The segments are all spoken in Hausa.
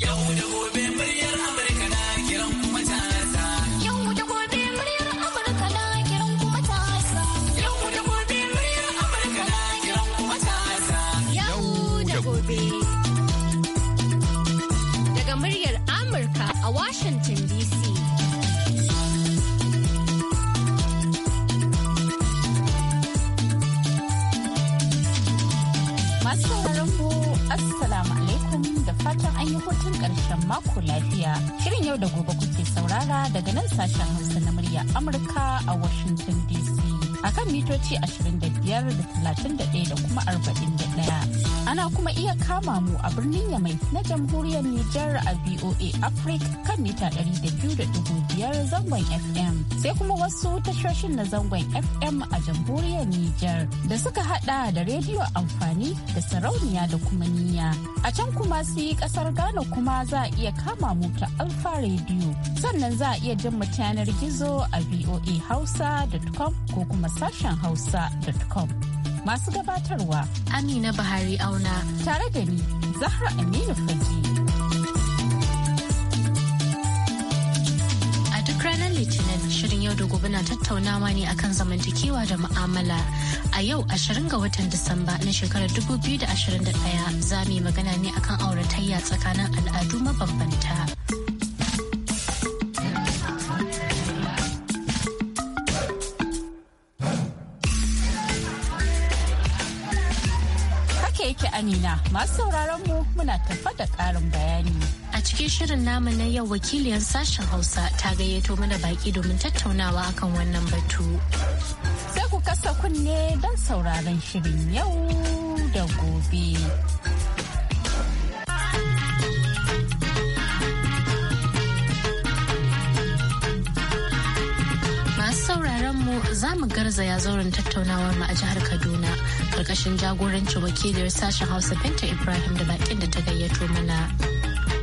do it gobe. ƙarshen mako lafiya. Shirin yau da gobe kuke saurara daga nan sashen Hausa na murya Amurka a Washington DC. akan mitoci 25 da 31 da kuma 41. Ana kuma iya kama mu a birnin Yamai na jamhuriyar Nijar a VOA Africa kan mita 200.5 zangon FM. Sai kuma wasu tashoshin na zangon FM a jamhuriyar Nijar da suka hada da rediyo amfani da sarauniya da kuma niya. A can kuma su yi kasar Ghana kuma za a iya kama mu ta Alfa rediyo Sannan za a iya jin mu yanar gizo a voa hausa.com ko kuma sashen hausa.com. masu gabatarwa Amina Buhari Auna tare da ni Zahra Aminu Fage. A duk ranar Litinin shirin yau da gobe na tattaunawa ne akan zamantakewa da mu'amala. A yau 20 ga watan Disamba na shekarar 2021 za mu yi magana ne akan auratayya tsakanin al'adu mabambanta. Amina masu sauraron mu muna tafa da ƙarin bayani. A cikin shirin namu na yau wakiliyar sashen Hausa ta gayyato mana baki domin tattaunawa akan wannan batu. Sai ku kasa kunne don sauraron shirin yau da gobe. Zamu za mu garzaya zauren tattaunawar mu a jihar Kaduna karkashin jagorancin wakiliyar sashen Hausa Binta Ibrahim da bakin da ta gayyato mana.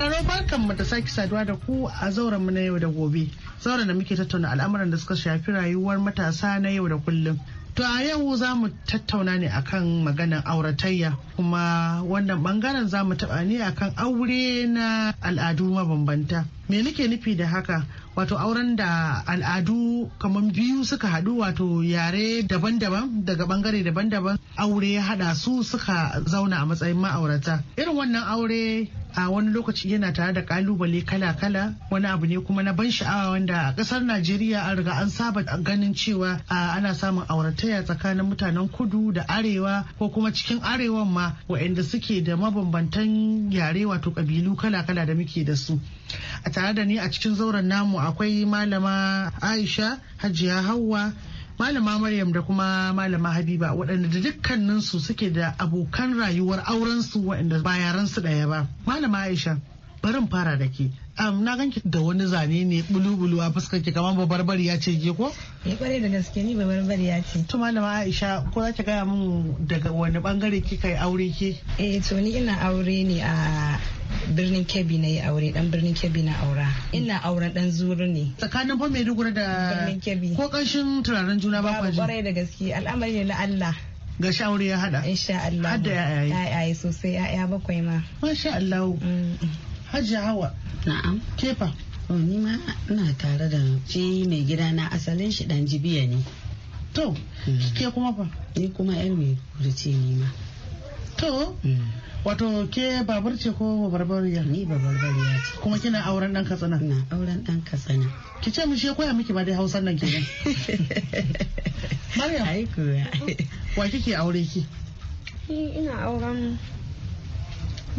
Ranar barkan mu da sake saduwa da ku a zauren mu na yau da gobe. Zauren da muke tattauna al'amuran da suka shafi rayuwar matasa na yau da kullum. To a yau za mu tattauna ne akan maganar auratayya kuma wannan bangaren za mu taɓa ne akan aure na al'adu mabambanta. Me nake nufi da haka? wato auren da al'adu kamar biyu suka haɗu wato yare daban-daban daga bangare daban-daban aure ya haɗa su suka zauna a matsayin ma'aurata irin wannan aure a wani lokaci yana tare da kalubale kala-kala wani abu ne kuma na ban sha'awa wanda a kasar najeriya an riga an saba ganin cewa ana samun aurataya tsakanin mutanen kudu da arewa ko kuma cikin arewan ma waɗanda suke da mabambantan yare wato kabilu kala-kala da muke da su a tare da ni a cikin zauren namu akwai malama aisha hajiya hauwa malama maryam da kuma malama habiba waɗanda da dukkaninsu suke da abokan rayuwar aurensu waɗanda ba su ɗaya ba malama aisha barin fara da ke na ganki da wani zane ne bulu-bulu a fuskar ki kamar babarbari ya ce ke ko? Ya eh, kware da gaske ni babarbari ya ce. To malama Aisha ko za ki gaya min daga wani bangare kika yi aure ke? Eh to ni ina aure ne a birnin kebbi na yi aure dan birnin kebbi na aura ina auren dan zuru ne tsakanin fa maiduguri da birnin kebbi ko kanshin turaren juna ba kwaji kware da gaske al'amari ne na Allah ga shawar ya hada insha Allah hadda ya ayi sosai ya bakwai ma masha Allah mm. Hajji Hawa. Na'am. Kefa. Oh, ni ma ina tare da ce mai gida na asalin shi dan jibiya ne. To, mm. ke kuma fa? Ni kuma yar mai kurce ni ma. To, mm. wato ke babur ce ko babarbariya? Ni babarbariya ce. Kuma kina auren dan katsina? Na auren dan katsina. Ki ce mishi ya koya miki ba dai hausan nan kenan. Maryam. Ai kuwa. Wa kike aure ki? Ni ina auren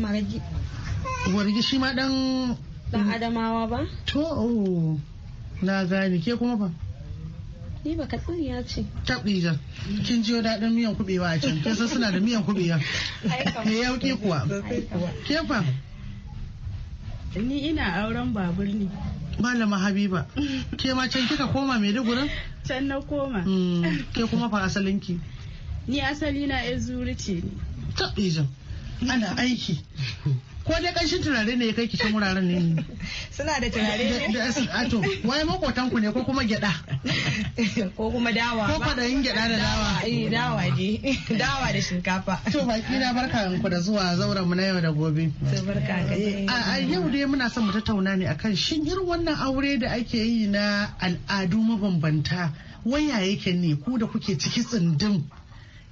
maragi. wargi shi ma dan adamawa ba to oh, na gane ke kuma ba ni ba ya ce taɓija kin jiyo daɗin miyan kuɓewa a can Kesa san suna da miyan kubewa me yauki kuwa ke fa ni ina auren babur ne malama habiba ke ma can kika koma maiduguri can na koma hmm. ke kuma fa asalinki ni asali na ezuri ce ne taɓija ana aiki ko dai kanshin turare ne ya kai kishin wuraren ne suna da turare ne ato wai makotan ku ne ko kuma gyada ko kuma dawa ko kwadayin gyada da dawa eh dawa ne dawa da shinkafa to baki na barka ku da zuwa zauren mu na yau da gobe to barka ka a yau dai muna son mu tattauna ne akan shin irin wannan aure da ake yi na al'adu mabambanta waya yake ne ku da kuke ciki tsindin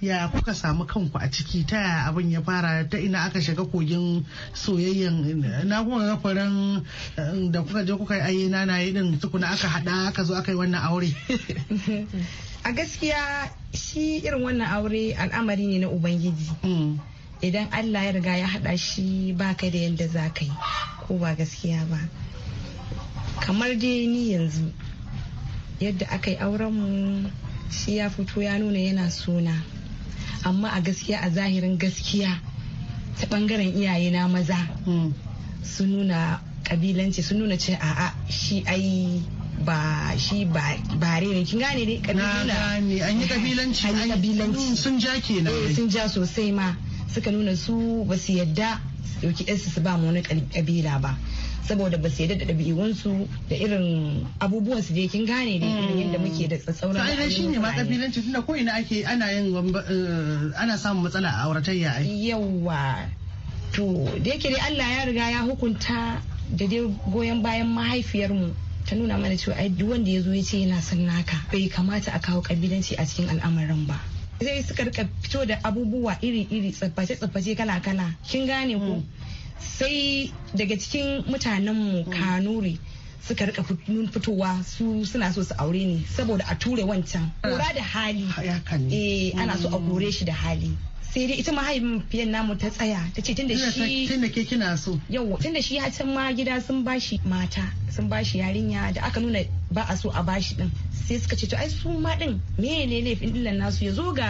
ya kuka samu kanku a ciki ta abin ya fara ta ina aka shiga kogin soyayyen na kuma ga faran eh, da kuka je kuka yi ayyana na yi din tukuna aka hada aka zo aka yi wannan aure a gaskiya shi irin wannan aure al'amari ne na ubangiji hmm. idan allah ya riga ya hada shi ba baka da yadda za ka yi ko ba gaskiya ba kamar dai ni yanzu yadda aka yi mu shi ya fito ya nuna yana suna amma a gaskiya a zahirin gaskiya ta bangaren iyaye na maza hmm. sun nuna kabilanci sun nuna ce a'a shi ai ba shi ba ne kin gane dai kabila ne an yi kabilanci an yi kabilanci sun ja kenan eh sun ja sosai ma suka nuna su ba su yadda dauki su ba mu wani kabila ba saboda ba su yadda da ɗabi'unsu da irin abubuwan su dai kin gane da irin mm. yadda muke da tsatsauran shi ne ma kabilanci tunda ko ina ake ana yin eh, ana samun matsala a auratayya yawa to da yake dai Allah ya riga ya hukunta da dai goyon bayan mahaifiyarmu ta nuna mana cewa ai duk wanda ya zo ya ce yana son naka bai kamata a kawo kabilanci a cikin al'amarin ba Zai suka rika fito da abubuwa iri-iri tsabbace-tsabbace kala-kala kin gane ko mm. sai daga cikin mutanen mu mm. kanuri suka rika fitowa su suna so su aure ni saboda a ture wancan ah. kura da hali eh ana so a mm. kore shi da hali sai dai ita mahaifin fiyan namu ta tsaya ta ce tunda shi tunda ke kina so yau tunda shi ya can ma gida sun bashi mata sun bashi yarinya da aka nuna ba a so a bashi din sai suka ce to ai su ma din me ne laifin dillan nasu ya zo ga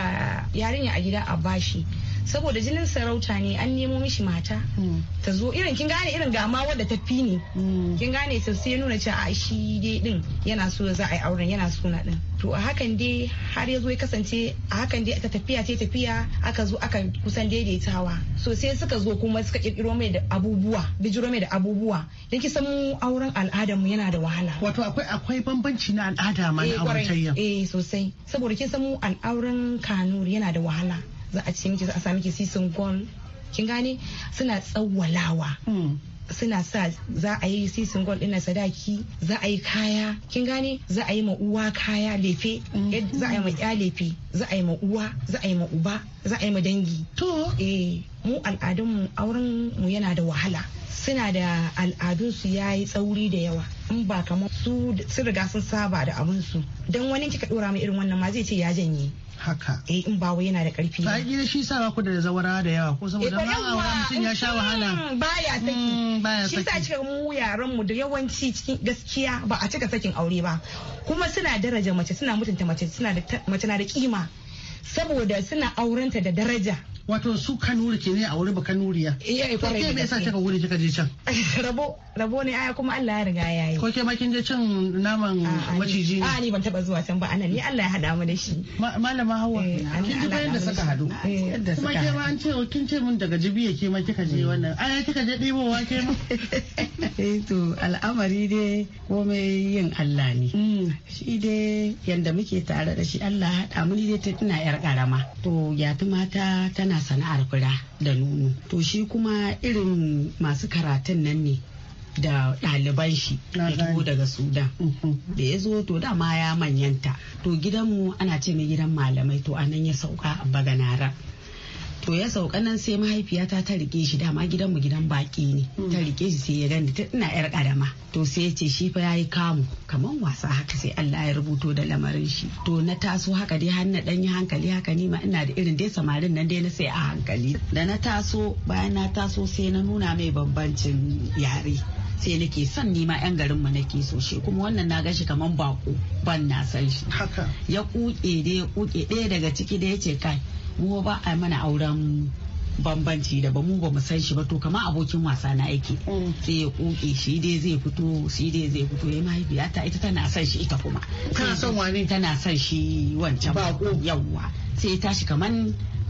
yarinya a gida a bashi saboda jinin sarauta ne an nemo mishi mata hmm. ta zo irin kin gane irin gama wadda ta fi ne hmm. kin gane ta sai nuna cewa a shi dai din yana so za a yi auren yana so na din to a hakan dai har ya zo ya kasance a hakan dai ta tafiya ta tafiya aka zo aka kusan daidaitawa so sai suka zo kuma suka kirkiro mai da abubuwa bijiro mai da abubuwa dan ki san auren al'adar mu yana da wahala wato akwai akwai bambanci na al'ada ma na eh, auratayya eh sosai saboda kin san mu al'auren kanuri yana da wahala za a ce miki za a sa miki sisin gol kin gane suna tsawwalawa hmm. suna sa za a yi sisin gol ɗin sadaki za a yi kaya kin gane za a yi ma uwa kaya lefe hmm. za a yi ma ya lefe za a yi ma uwa za a yi ma uba za a yi ma dangi to eh mu al'adunmu auren mu yana da wahala suna da al'adunsu ya yi tsauri da yawa in ba kamar su sun riga sun saba da su don wani kika dora mu irin wannan ma zai ce ya janye haka eh in ba yana da karfi ba gida shi sa ba ku da zawara da yawa ko saboda eh, ma aura mutum ya sha wahala mm, baya saki mm, baya saki shi sa cika mu yaran mu da yawanci cikin gaskiya ba a cika sakin aure ba kuma suna daraja mace suna mutunta mace suna da mace na da kima saboda suna aurenta da daraja wato su kanuri ke ne a wuri ba kanuriya eh, iya ko ke me yasa kika gudu kika je can rabo rabo ne aya kuma Allah ya riga ya yi ko ke ma kin je cin naman maciji ne a ni ban taba zuwa can ba anan ni Allah ya hada mu da shi malama hawa eh, kin ji bayan da saka hadu eh. kuma ke ma an ce kin ce mun daga jibiya ke ma kika je wannan aya kika je dibowa ke ma eh to al'amari dai komai yin Allah ne mm. shi dai yanda muke tare da shi Allah ya hada mu ni dai tana yar karama to ya mata tana ana sana'ar fura da nono to shi kuma irin masu karatun nan ne da ɗaliban shi fito daga sudan mhm. da ya zo to dama ya manyanta to gidanmu ana ce na gidan malamai to anan ya sauka a baganara to ya sauka nan sai mahaifiyata ta rike shi dama mu gidan baki ne hmm. ta rike shi sai ya gani ta ina yar karama to sai ya ce shi fa yayi kamu kaman wasa haka sai Allah ya rubuto da lamarin shi to na taso haka dai har na danyi hankali haka ni ma ina da irin dai samarin nan dai na sai a hankali da na taso bayan na taso sai na nuna mai bambancin yare sai nake son nima yan garin mu nake so shi kuma wannan na gashi kaman bako ban na san shi ya kuke dai ya kuke ɗaya daga ciki da ya ce kai mu ba a mana auren bambanci da ba mu ba mu san shi ba to kamar abokin wasa na aiki mm. sai ya koke shi dai zai fito shi dai zai fito ya mahaifiyata ita tana son shi ita kuma tana son wani tana son shi wancan ba yawwa sai ya tashi kamar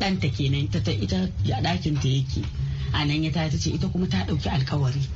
ɗanta kenan ita ta ita ya ɗakin ta yake a nan ya tashi ce ita kuma ta ɗauki alkawari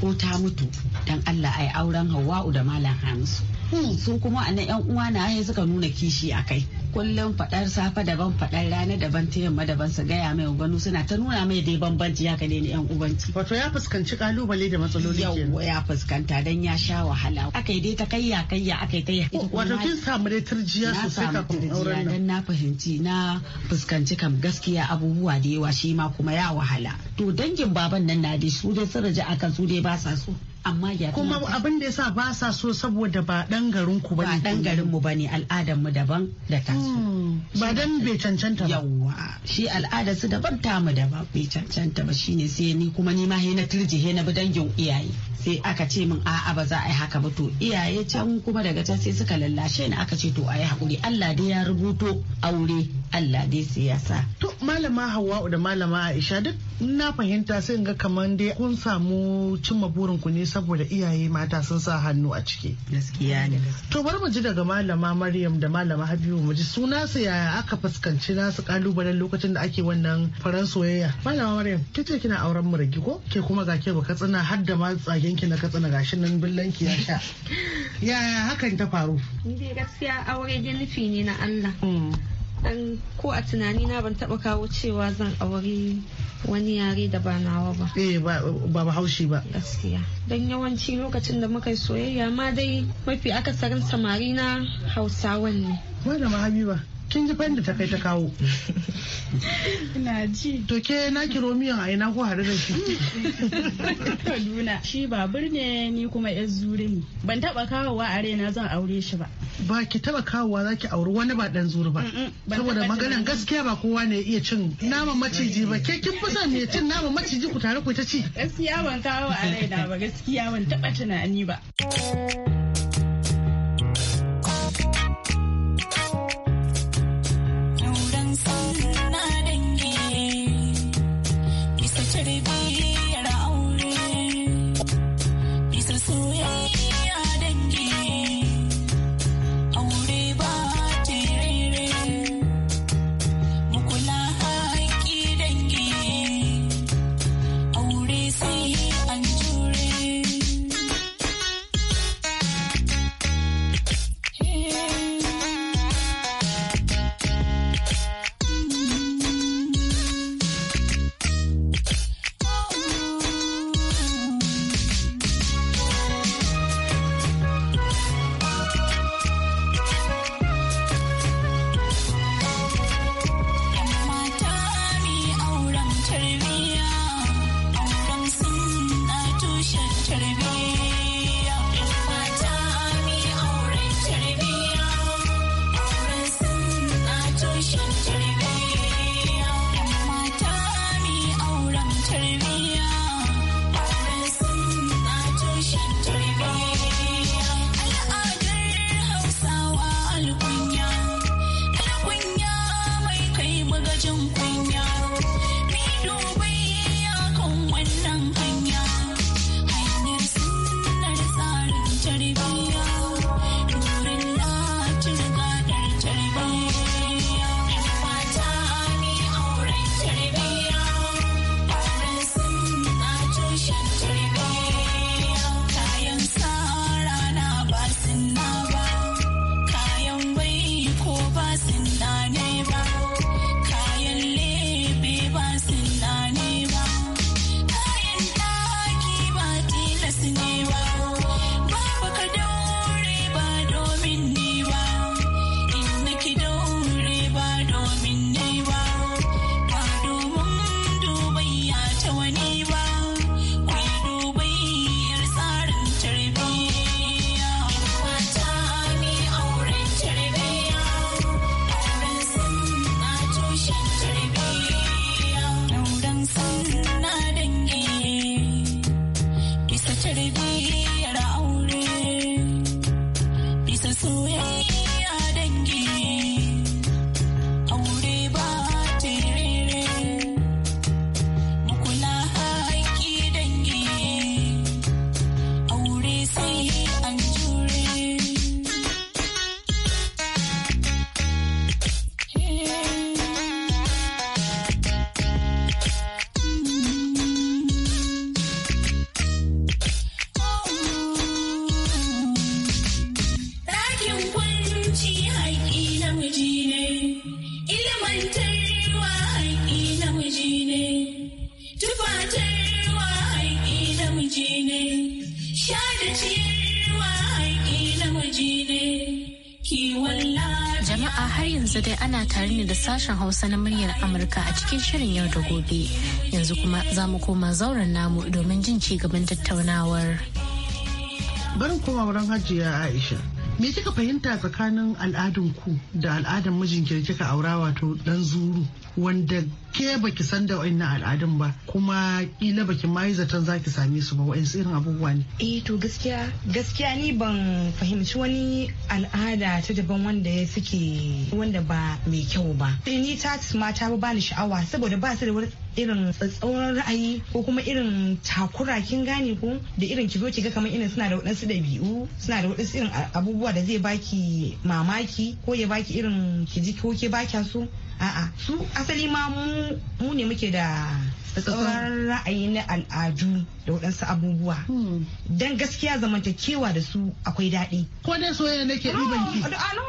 ko ta mutu dan Allah ai auren Hawwa'u da Malam Hamisu hmm. su kuma a nan yan uwa na suka nuna kishi a kai kullum faɗar safa daban fadar rana daban ta yamma daban su gaya mai ubanu suna ta nuna mai dai bambanci haka ne yan ubanci wato ya fuskanci kalubale da matsaloli yau ya fuskanta dan ya sha wahala aka yi dai ta kayya kayya aka yi ta yi oh, wato kin samu dai turjiya sosai kafin auren na fahimci na fuskanci kam gaskiya abubuwa da yawa shi ma kuma ya wahala to dangin baban nan na dai su dai sun raja kan su dai ba sa so amma kuma abin da yasa ba sa so saboda ba dan garin ku bane ba dan garin mu bane al'adar mu daban da tasu hmm. ba dan bai cancanta ba yawa shi al'ada su daban tamu daban bai cancanta ba shine sai ni kuma ni ma he na turje he na bi dangin iyaye sai aka ce min a'a ba za a yi haka ba to iyaye can kuma daga can sai suka lallashe ni aka ce to a yi hakuri Allah dai ya rubuto aure Allah dai siyasa. To malama Hawwa'u da malama Aisha duk na fahimta sai ga kamar dai kun samu cimma burin ku ne saboda iyaye mata sun sa hannu a ciki. Gaskiya ne. To bari mu ji daga malama Maryam da malama Habibu mu ji su yaya aka fuskanci nasu kalubale kalubalen lokacin da ake wannan faran soyayya malama maryam ke ce kina auren muragi ko ke kuma ga ke baka tsina har da ma tsagen ki na katsina gashin nan billan ki ya sha ya hakan ta faru ni gaskiya aure nufi ne na Allah hmm. dan ko a tunani na ban taba kawo cewa zan aure wani yare da ba nawa ba eh ba ba haushi ba gaskiya dan yawanci lokacin da muka yi soyayya ma dai mafi akasarin samari na hausawan ne malama habiba kin ji fahimta ta kai ta kawo ina ji to ke na kiro miyan a ina ko hadu da shi Kaduna shi babur ne ni kuma yan zuri ne ban taba kawowa a rena zan aure shi ba ba ki taba kawowa za ki auri wani ba dan zuri ba saboda maganan gaskiya ba kowa ne iya cin naman maciji ba ke kin fi son me cin naman maciji ku tare ku ta ci gaskiya ban kawo a rena ba gaskiya ban taba tunani ba jama'a har yanzu dai ana tare ne da sashen hausa na muryar amurka a cikin shirin yau da gobe yanzu kuma za mu koma zauren namu domin jin ci gaban tattaunawar barin koma wurin hajiya aisha me kika fahimta tsakanin al'adun ku da al'adan mijin kika aura wato dan zuru wanda ke baki san da wa'annan al'adun ba kuma kila baki ma yi zaton za ki same su ba su irin abubuwa ne eh to gaskiya gaskiya ni ban fahimci wani al'ada ta daban wanda ya suke wanda ba mai kyau ba eh, ni ta mata ba bani sha'awa saboda ba su da wani irin tsatsauran ra'ayi ko kuma irin takura kin gane ko da irin ki zo ki ga kamar irin suna da waɗansu dabi'u suna da waɗansu irin abubuwa da zai baki mamaki ko ya baki irin ki ji ko ke baki su. a'a su asali ma mu ne muke da tsauran ra'ayi na al'adu da waɗansu abubuwa hmm. don gaskiya zamantakewa da su akwai daɗi ko dai soyayya nake ɗiban ki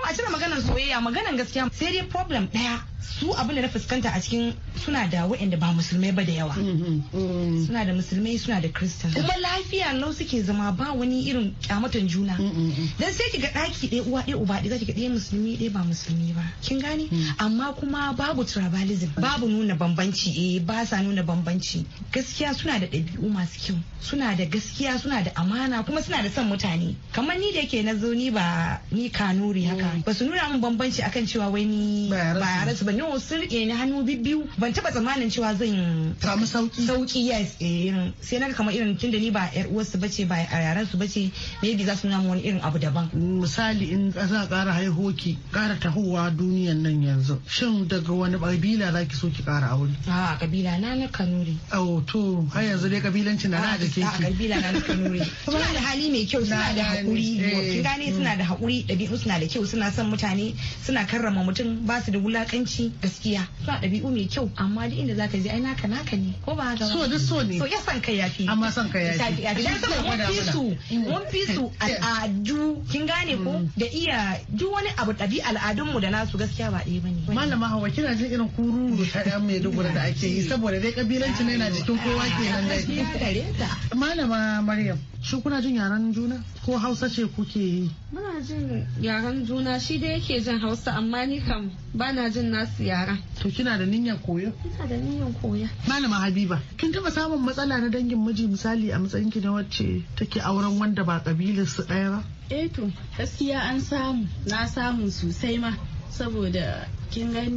a cire maganar soyayya maganar gaskiya sai dai problem ɗaya su abin da na fuskanta a cikin suna da waɗanda ba musulmai ba da yawa mm-hmm. Mm-hmm. suna da musulmai suna da kristan kuma lafiya lau suke zama ba wani irin kyamatan juna mm-hmm. dan sai kiga ɗaki ɗaya uwa ɗaya uba ɗaya ga ɗaya musulmi ɗaya ba musulmi ba kin gane amma kuma babu tribalism babu nuna bambanci eh ba sa nuna bambanci gaskiya suna da ɗabi'u masu kyau suna da gaskiya suna da amana kuma suna da son mutane kamar ni da yake na zo ni ba ni kanuri haka mm. ba su nuna min bambanci akan cewa wai ni ba bano sun rike ni hannu bibbiyu ban taba tsammanin cewa zan samu sauki sauki yes eh sai na kama irin tunda ni ba yar uwarsu bace ba a yaran su bace maybe za su nuna wani irin abu daban misali in za kara haihoki kara tahowa duniyan nan yanzu shin daga wani kabila zaki so ki kara aure a kabila na na kanuri oh to har yanzu dai kabilanci na na da ke a kabila na na kanuri kuma da hali mai kyau suna da hakuri eh. kin gane suna da hakuri dabi'u suna da kyau suna son mutane suna karrama mutum ba su da wulakanci shi gaskiya ba ɗabi'u mai kyau amma duk inda zaka je ai naka naka ne ko ba haka so duk so ne so ya san kai fi amma san kai fi Ya saboda mun fi su mun fi su al'adu kin gane ko mm. da iya duk wani abu ɗabi al'adun mu da nasu gaskiya ba ɗaya bane malama hawa kina jin irin kururu ta ɗan mai dubura da ake yi saboda dai kabilanci na na jikin kowa ke nan dai malama maryam shi kuna jin yaran juna ko hausa ce kuke yi muna jin yaran juna shi da yake jin hausa amma ni kam Bana jin nasu yara. To kina da niyyar koyo? Kina da niyyar koya. Malama Habiba, kin taba samun matsala na dangin miji misali a matsayin ki na wacce take auren wanda ba kabilar su ɗaya ba? Eh to, gaskiya an samu, na samu sosai ma saboda kin gani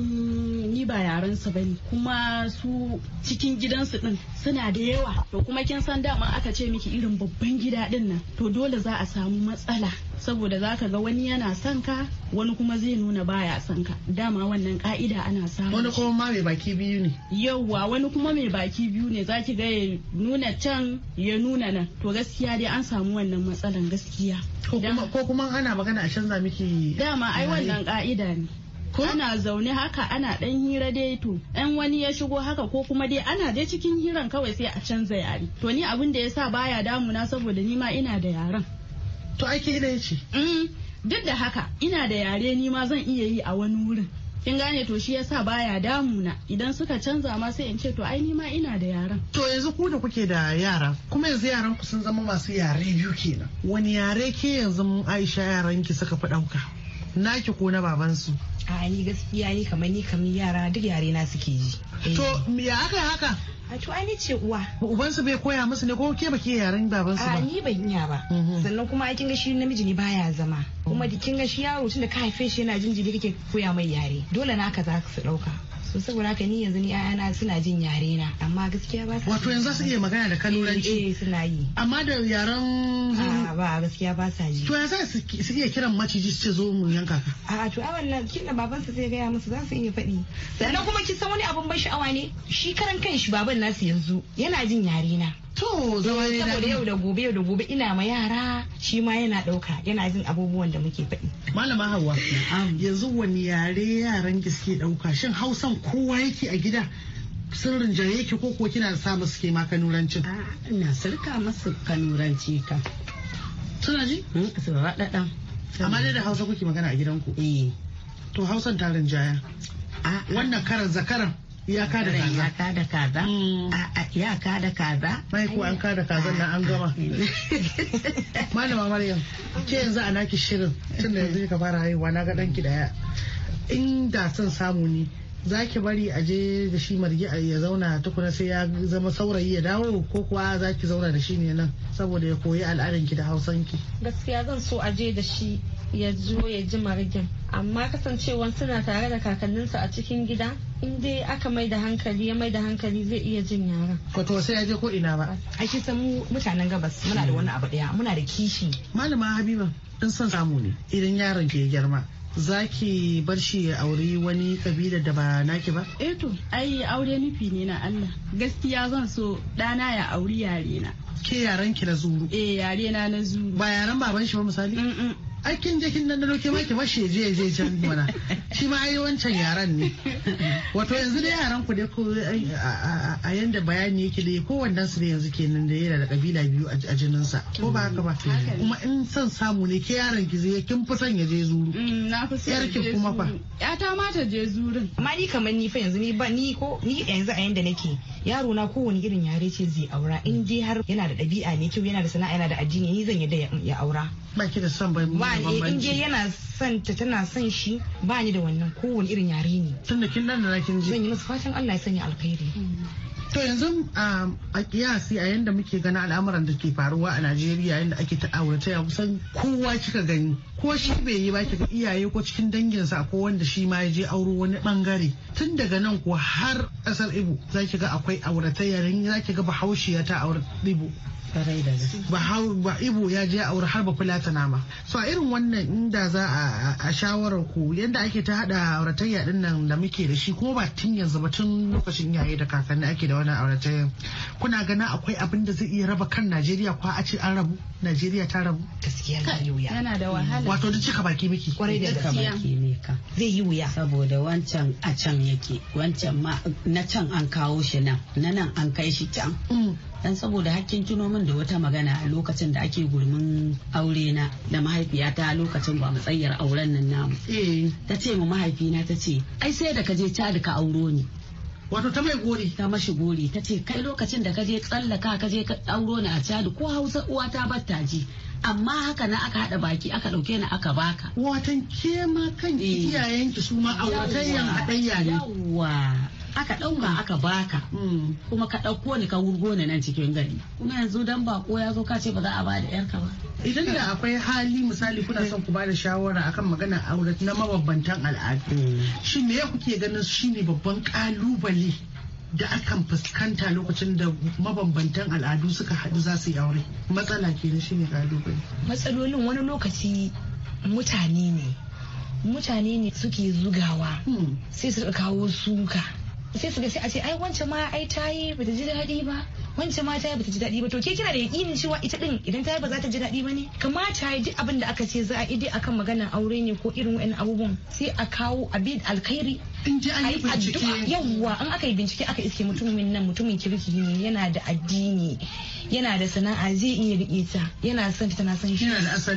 ni ba yaren su bane kuma su cikin gidansu din suna da yawa to kuma kin san dama aka ce miki irin babban gida din nan to dole za a samu matsala saboda za ka ga wani yana son ka wani kuma zai nuna baya son ka dama wannan ka'ida ana samu wani kuma ma mai baki biyu ne yauwa wani kuma mai baki biyu ne za ki ga ya nuna can ya nuna nan to gaskiya dai an samu wannan matsalan gaskiya ko kuma ana magana a canza miki dama ai wannan ka'ida ne ana zaune haka ana dan hira dai to dan wani ya shigo haka ko kuma dai ana dai cikin hiran kawai sai a canza yare to ni abin da ya sa baya damuna saboda ni ma ina da yaren to ake ina ce eh, duk da haka ina da yare ni ma zan iya yi a wani wurin kin gane to shi yasa baya damuna idan suka canza ma sai in ce to ai ni ma ina da yaran to yanzu ku da kuke da yara kuma yanzu yaran ku sun zama masu yare biyu kenan wani yare ke yanzu Aisha yaran ki suka fi dauka naki ko na babansu a ni gaskiya ni kamar ni kamar yara duk yare na suke ji to eh. me aka haka a to ai ce uwa ubansu bai koya musu ne ko ke baki yaren baban su ba a ni ban iya ba mhm. sannan kuma ai kinga shi namiji ne baya zama kuma da mhm. kinga shi yaro tun da ka haife shi yana jinjiri kake koya mai yare dole na za ka su dauka to saboda haka ni yanzu ni ayana suna jin yare na amma gaskiya ba su wato yanzu su iya magana da kaloranci eh, eh suna yi amma da yaren ba gaskiya ba sa yi to yanzu su iya kiran maciji su ce zo mu yanka ka a to a wannan kin da baban su zai gaya musu za su iya faɗi sannan kuma kin san wani abun ban sha'awa ne shi karan kanshi baban nasu yanzu yana jin yare na To zama ne saboda yau da gobe yau da gobe ina ma yara shi ma yana ɗauka yana jin abubuwan da muke faɗi. Malama Hauwa yanzu wani yare yaran ki suke ɗauka shin Hausan kowa yake a gida sun rinjaye yake ko kuwa kina sa musu ke ma kanurancin ina sirka masu kanuranci ka suna ji hmm, su ba dadan amma dai da hausa kuke magana a gidanku eh to hausan ta rinjaya. wannan karan zakaran ya kada da kaza ya kada da kaza hmm. ya da kaza mai ko an kada kaza na an gama malama maryam ke yanzu a naki shirin tunda yanzu ka fara haihuwa na ga danki daya inda son samu ne za ki bari a je da shi margi ya zauna tukuna sai ya zama saurayi ya dawo ko kuwa za ki zauna da shi ne nan saboda ya koyi al'adanki da hausanki gaskiya zan so a je da shi ya zo ya ji margin amma kasancewa suna tare da kakanninsa a cikin gida in aka mai da hankali ya mai da hankali zai iya jin yaran wato sai ya je ko ina ba a kin san mutanen gabas muna da wani abu daya muna da kishi malama habiba in son samu ne idan yaron ke girma za ki bar shi ya auri wani kabila da ba naki ba? Eh to, ai aure nufi ne na Allah. Gaskiya zan so ɗana ya auri yare na. Ke yaren ki na zuru? Eh yare na na zuru. Ba yaren baban shi ba misali? aikin jikin nan da dauke ma ki bashi je je can mana shi ma ai wancan yaran ne wato yanzu da yaran ku dai ko a yanda bayani yake dai ko wannan su ne yanzu kenan da yana da kabila biyu a jinin sa ko ba haka ba mm, kuma in son samu ne ke yaran ki zai kin fi son ya je zuru mm, na fi son je ki kuma fa ya ta ma ta je zurin amma ni kamar ni fa yanzu ni ba ni ko ni yanzu a yanda nake yaro na kowane irin yare ce zai aura in dai har yana da ɗabi'a ne kyau yana da sana'a yana da addini ni zan yadda ya aura ba ki da son ba ne in yana son tana son shi ba ni da wannan kowane irin yare ne tunda kin dan da kin ji zan yi musu fatan Allah ya sanya alkhairi mm. To yanzu um, a kiyasi a yadda muke gani al'amuran da ke faruwa a Najeriya yadda ake ta ya kusan kowa kika gani ko shi bai yi ba ga iyaye ko cikin danginsa ko wanda shi ma ya je auro wani bangare tun daga nan ko har kasar Ibo za ki ga akwai auratayya za ki ga bahaushe ya ta aure Ibo ba ibo ya je aure har ba fulata nama so a irin wannan inda za a shawarar ku yadda ake ta hada auratayya din nan da muke da shi ko ba tun yanzu ba tun lokacin yaye da kakanni ake da wannan auratayyan kuna gana akwai abin da zai iya raba kan Najeriya kwa a ce an rabu Najeriya ta rabu gaskiya na yi wuya yana da wahala mm. wato da cika baki miki kwarai da gaskiya zai yi wuya saboda wancan a can yake wancan ma na can an kawo shi nan na nan an kai shi can mm. dan saboda hakkin tuno min da wata magana a lokacin da ake gurmin aure na da mahaifiyata lokacin ba tsayar auren nan namu eh. ta ce mu mahaifina ta ce ai sai da ka je cadi ka auro ni wato ta mai gori ta mashi gori ta ce kai lokacin da kaje tsallaka kaje ka auro ni a cadi ko hausa uwa ta batta ji amma haka na aka hada baki aka dauke ni aka baka watan ke ma kan eh. iyayenki su ma auratayyan hadayya ne yawwa aka ɗauka aka baka mm. kuma ka ɗauko ni ka wurgo ni nan cikin gari kuma yanzu dan bako ya zo ka ce ba za a ba da yarka ba idan da akwai hali misali kuna son ku ba da shawara akan magana aure na mababbantan al'adu mm. shi me kuke ganin shine babban kalubale da akan fuskanta lokacin da mabambantan al'adu suka haɗu za su yi aure matsala kenan shine kalubale matsalolin wani lokaci mutane ne mutane ne suke zugawa mm. sai su kawo suka sai su ga sai a ce ai wancan ma ai ta yi bata ji daɗi ba wancan ma ta yi bata ji daɗi ba to ke kina da yakinin cewa ita din idan ta yi ba za ta ji daɗi ba ne kamata duk abin da aka ce za a akan maganar aure ne ko irin wa'in abubuwan sai a kawo abin alkhairi in ji an yi bincike yawwa an aka yi bincike aka iske mutumin nan mutumin kirki ne yana da addini yana da sana'a zai iya riƙe ta yana son ta tana son shi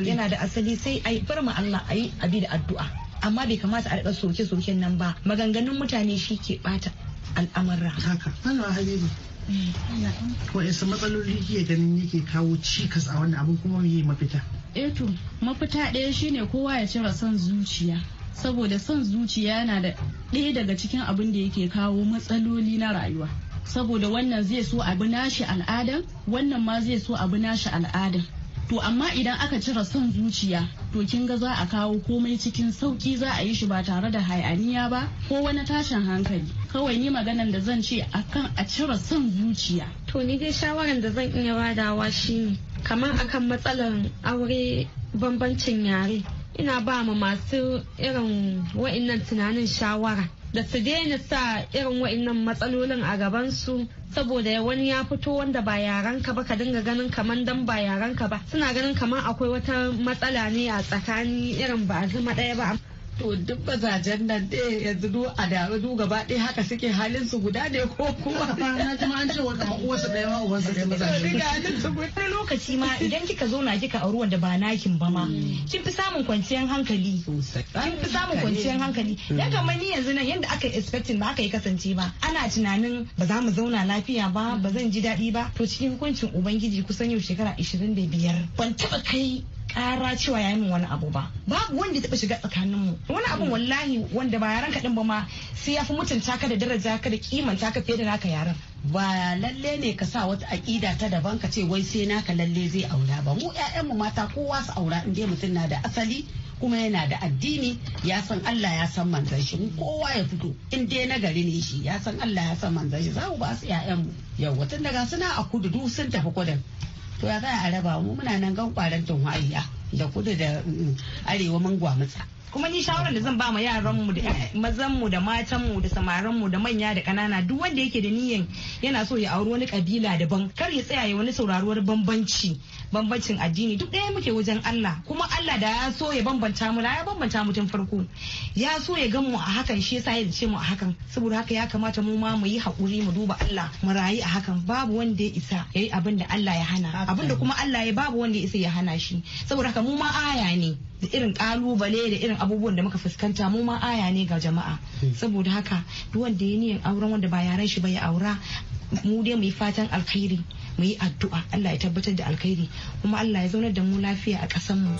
yana da asali sai a bar ma Allah a yi abi da addu'a amma bai kamata a riƙa soke-soken nan ba maganganun mutane shi ke bata al'amarra haka malama habibu eh, matsaloli ke ganin yake kawo cikas a wannan abin kuma yi mafita eto eh mafita ɗaya shine kowa ya cire son zuciya saboda son zuciya yana da ɗaya daga cikin abin da yake kawo matsaloli na rayuwa saboda wannan zai so abu nashi al'adan wannan ma zai so abu nashi al'adan to amma idan aka cire son zuciya to kin ga za a kawo komai cikin sauki za a yi shi ba tare da hayaniya ba ko wani tashin hankali kawai ni maganan da zan ce akan a cire son zuciya to ni dai shawaran da zan iya badawa shine kamar akan matsalar aure bambancin yare ina ba ma masu irin wa'innan tunanin shawara da su daina sa irin wa'innan matsalolin a gabansu saboda wani ya fito wanda ba yaranka ba ka dinga ganin kaman dan ba yaranka ba suna ganin kamar akwai wata matsala ne a tsakani irin ba a zama ɗaya ba to duk mazajen nan dai yanzu du a da du gaba ɗaya haka suke halin su guda ne ko kuwa na ma an ce wata uwarsa ɗaya ma uwarsa ɗaya su wani lokaci ma idan kika zo na kika ruwan da ba nakin ba ma kin fi samun kwanciyar hankali kin fi samun kwanciyar hankali ya hmm. kamar ni yanzu nan yanda aka expecting ba aka yi kasance ba ana tunanin ba za mu zauna lafiya ba ba zan ji daɗi ba to cikin hukuncin ubangiji kusan yau shekara 25 ban taɓa kai kara cewa ya min wani abu ba babu wanda ya taba shiga tsakaninmu wani abun hmm. wallahi wanda ba yaran kadin ba ma sai ya fi mutunta ka da daraja ka da kimanta ka fiye da naka yaran ba lalle ne ka sa wata aƙida ta daban ka ce wai sai naka lalle zai aura ba mu mu mata kowa su aura inda mutum na da asali kuma yana da addini ya san Allah ya san manzon shi kowa ya fito in dai na gari ne shi ya san Allah ya san manzon shi za mu ba su mu yau tun daga suna a kududu sun tafi kudin to ya za a raba mu muna nan gan kwaran tunwariya da kudu da mm, arewa mun gwamutsa kuma ni shawarar da zan ba ma mu da mazan mu da matan mu da samaran mu da manya da kanana duk wanda yake da niyan yana so ya auri wani kabila daban kar ya tsaya ya wani sauraruwar bambanci bambancin addini duk ɗaya muke wajen Allah kuma Allah da ya so ya bambanta mu ya bambanta mu tun farko ya so ya gan mu a hakan shi yasa ya ce mu a hakan saboda haka ya kamata mu ma mu yi hakuri mu duba Allah mu rayu a hakan babu wanda ya isa yayi abin da Allah ya hana abin da kuma Allah ya babu wanda ya isa ya hana shi saboda haka mu ma aya ne da irin kalubale da irin abubuwan da muka fuskanta mu ma aya ne ga jama'a hmm. saboda haka duk wanda ya niyan auren wanda ba yaran shi ba ya aura mu dai mu yi fatan alkhairi mu yi addu'a Allah ya tabbatar da alkhairi kuma Allah ya zaunar da mu lafiya a ƙasar mu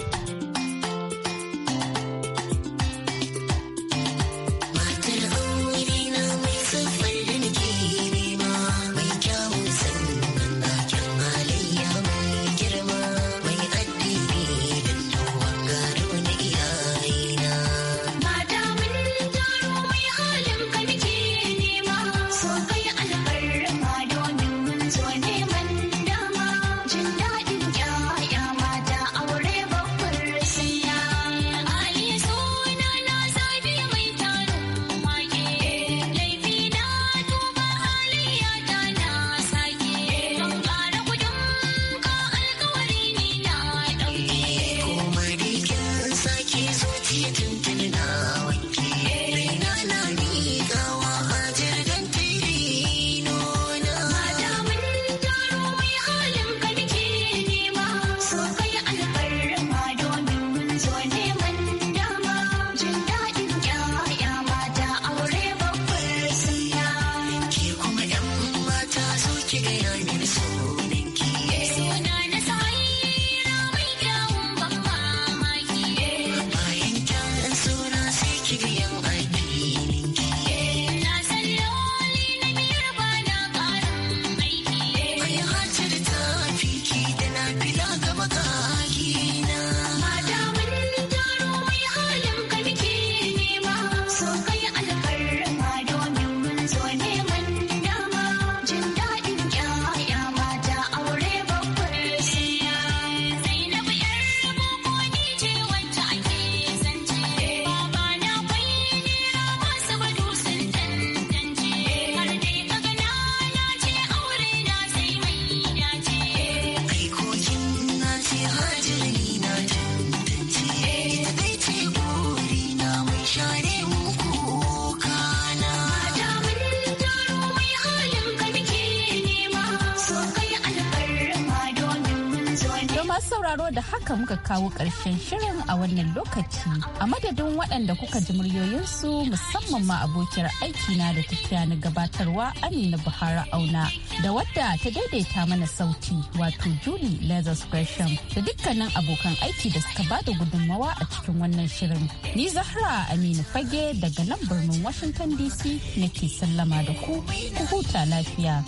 haka muka kawo ƙarshen shirin a wannan lokaci a madadin waɗanda kuka ji muryoyinsu musamman ma abokiyar aikina da tafiya na gabatarwa amina buhari auna da wadda ta daidaita mana sauti wato julie lazarus gresham da dukkanin abokan aiki da suka bada gudunmawa a cikin wannan shirin ni zahra amina fage daga nan birnin washington dc nake sallama da ku ku huta lafiya.